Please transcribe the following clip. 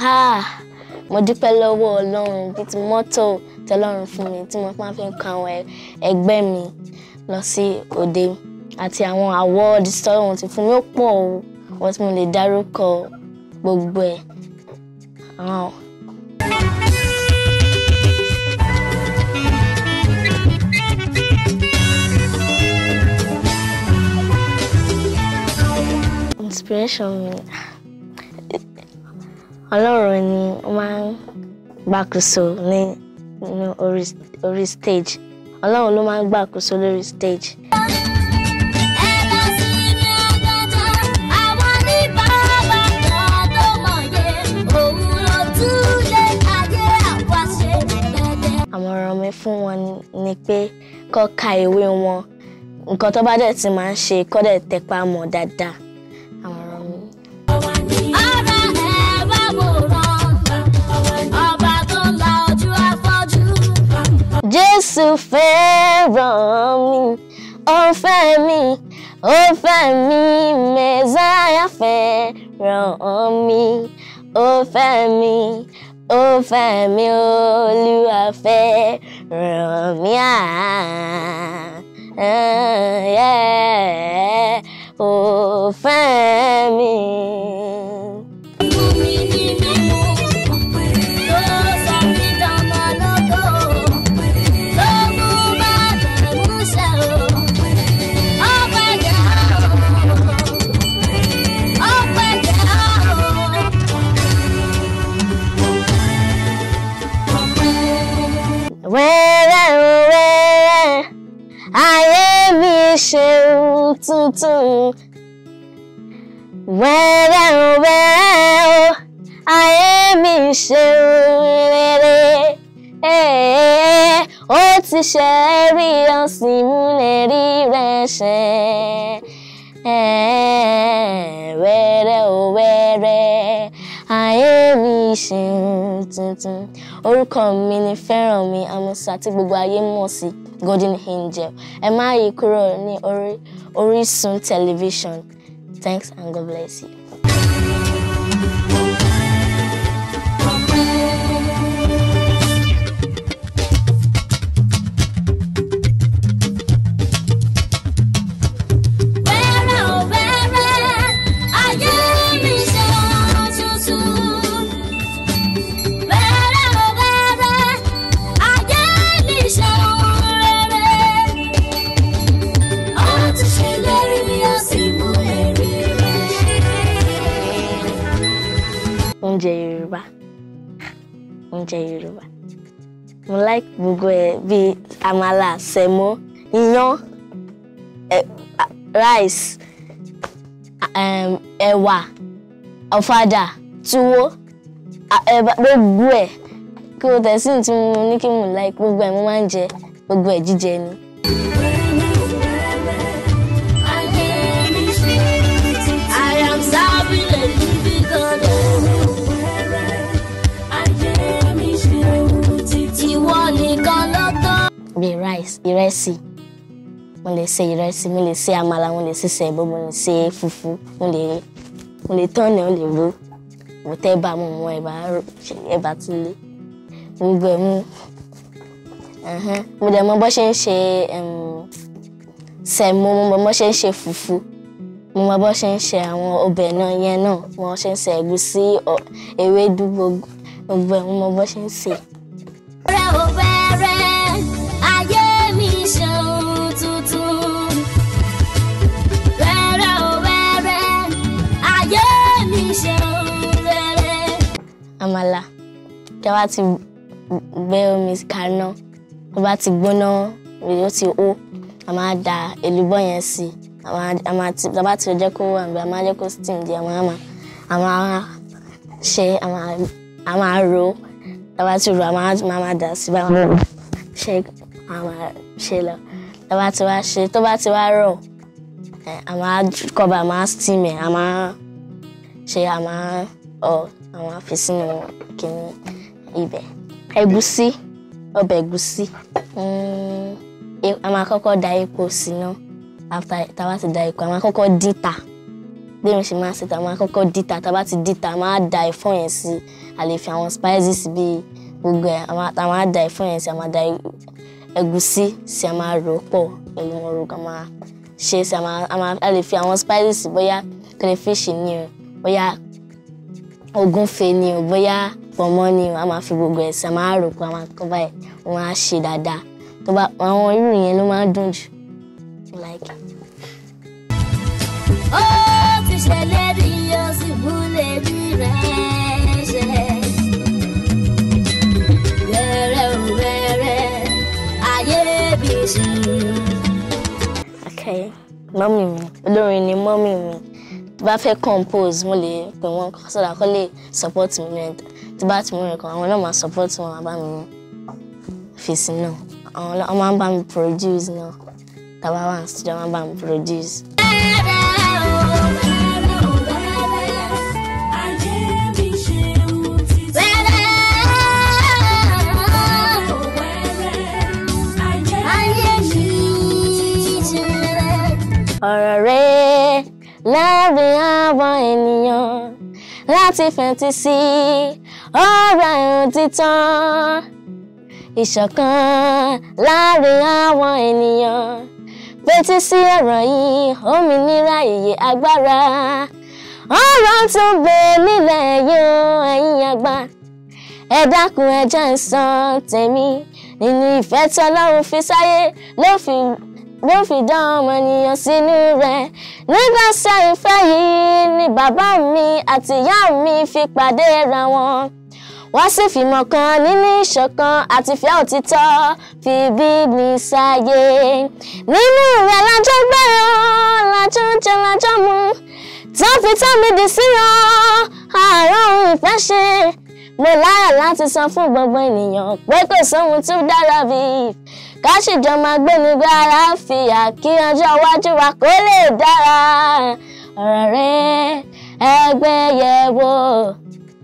Ah, mo dúpẹ́ lọ́wọ́ ọlọ́run bíi ti mọ́tò tọlọ́run fún mi tí mo máa fi ń kọ àwọn ẹgbẹ́ mi lọ sí òde àti àwọn award tọ́lọ́run ti fún mi ó pọ̀ o wọ́n tí mo lè dárúkọ gbogbo ẹ̀. Inspiration mi. Ọlọ́run ni ó máa ń gbàkóso ní orí stage Ọlọ́run ló máa ń gbàkóso lórí stage. àmọ̀ràn mi fún wọn ni pé kó ka ìwé wọn nǹkan tó bá dẹ̀ ti máa ń ṣe kó dẹ̀ tẹpá mọ́ dáadáa. Jésù fẹ́ràn mi ó fẹ́ mi ó fẹ́ mi mẹ́sáyà fẹ́ràn mi ó fẹ́ mi ó fẹ́ mi olúwa fẹ́ràn mi àá. wẹ́rẹ́ o wẹ́rẹ́ ayé mi ṣe ohun tuntun. wẹ́rẹ́ o wẹ́rẹ́ o ayé mi ṣe ohun rere. ó ti ṣe ṣe tuntun orúkọ mi ni fẹ́ràn mi amusa tí gbogbo ayé mọ̀ sí golden angel ẹ má yí kúrò ní Orísun tẹlifíṣàn thanks and God bless you. oúnjẹ Yorùbá oúnjẹ Yorùbá mo like gbogbo ẹ bíi àmàlà sẹ̀mọ́ iyán rice um, ẹ̀wà ọ̀fadà túwó gbogbo ẹ kí o tẹ̀sí tí mo ní kí mo like gbogbo ẹ mo máa ń jẹ gbogbo ẹ jíjẹ ni. mo lè ṣe ìrẹsì mo lè ṣe àmàlà mo lè ṣe sẹ̀bọ̀ mo le ṣe fùfú mo le mo lè tọ́nà mo lè ro mo tẹ́ bá mo mọ ẹ̀bà ẹ̀bà tó lé gbogbo ẹ̀ mú mo dẹ̀ mọ bó ṣe ń ṣe sẹ̀mó mo mọ bó ṣe ń ṣe fùfú mo mọ bó ṣe ń ṣe àwọn ọbẹ̀ náà yẹn náà mo ṣe ń ṣe ẹ̀gúsí ewédú gbogbo ẹ̀ mo mọ ṣe ń ṣe. tẹ́ bá ti gbé omi kaná tó bá ti gbóná ó ti hó a máa da èlùbọ́ yẹn sí a máa ti tá bá ti jẹ́ kó wà níbi a máa jẹ́ kó steam díẹ̀ a máa a máa ṣe a máa ro tá bá ti ro a máa máa dà sí báwọn ṣe a máa ṣe lọ tá bá ti wá ṣe tó bá ti wá rọ̀ a máa kọ́ba a máa steam ẹ̀ a máa ṣe a máa ọ̀ a máa fi sínú kìnìún ibẹ̀ ẹ̀gúsí ọbẹ̀ ẹ̀gúsí hmm, a máa kọ́kọ́ da epo síná after tá a bá ti da epo a máa kọ́kọ́ dín ta bí mi ṣe máa ṣe ta a máa kọ́kọ́ dín ta a bá ti dín a máa da ẹ̀fọ́ yẹn sí a lè fi àwọn spices bíi gbogbo ẹ̀ a máa da ẹ̀fọ́ yẹn sí a máa da ẹ̀gúsí sí a máa rò pọ̀ pẹ̀lú mọ̀rọ̀gà a máa ṣe sí a a lè fi àwọn spices bóyá crayfish ni o bóyá ògúnfe ni o bóyá pọ̀nmọ́ ni a máa fi gbogbo ẹ̀ máa rò pé a máa kọ́ báyìí wọ́n á ṣe dáadáa tó bá àwọn irú yẹn ló máa ń dùn jù ó ti ṣẹlẹ̀ rí ó sì múlẹ̀ rí rẹ̀ ṣe. wẹ́rẹ́ ò wẹ́rẹ́ ayé bí ṣe. okay mọ́mì mi olórin ni mọ́mì mi bá fẹ́ compose mo lè pè wọ́n sọ̀rọ̀ àkọlé support mi ní tí bá ti mú nǹkan àwọn náà máa support wọn àbá mi fèsì náà àwọn náà máa ń bá mi produce náà tàbá wà ní studio máa ń bá mi produce. ọ̀rọ̀ rẹ̀ láàrin àwọn ènìyàn láti fẹ̀ǹtì sí i ọ̀rọ̀ ẹ̀rùn títàn ìṣọ̀kan láàrin àwọn ènìyàn fetí sí ọ̀rọ̀ yìí òmìnira ìyè agbára ọ̀rọ̀ tó gbé nílẹ̀ yóò ẹ̀yin àgbà ẹ dákun ẹ jẹ́ n sọ tèmi nínú ìfẹ́ tí Ọlọ́run fi sáyé ló fi ló fi dá ọmọnìyàn sínú rẹ̀ nígbàsẹ̀ ìfẹ́ yìí ni bàbá mi àti ìyá mi fi pàdé ra wọn wá sì fìmọ̀ kan níní ìṣọ̀kan àti ìfẹ́ òtítọ́ fi bí mi sáyé. nínú rẹ̀ lájọ́ gbẹ̀rán lájọ́ jẹ lájọ́ mu tó fi tọ́ mi dì síran àárọ̀ ìfẹ́ ṣe. mo láyà láti san fún gbogbo ènìyàn pé kò sóhun tó dára bí ká sì jọ máa gbé ní gbára fìyà kí ọjọ́ iwájú wa kó lè dára ọ̀rọ̀ rẹ̀ ẹgbẹ́ yẹ̀ wò.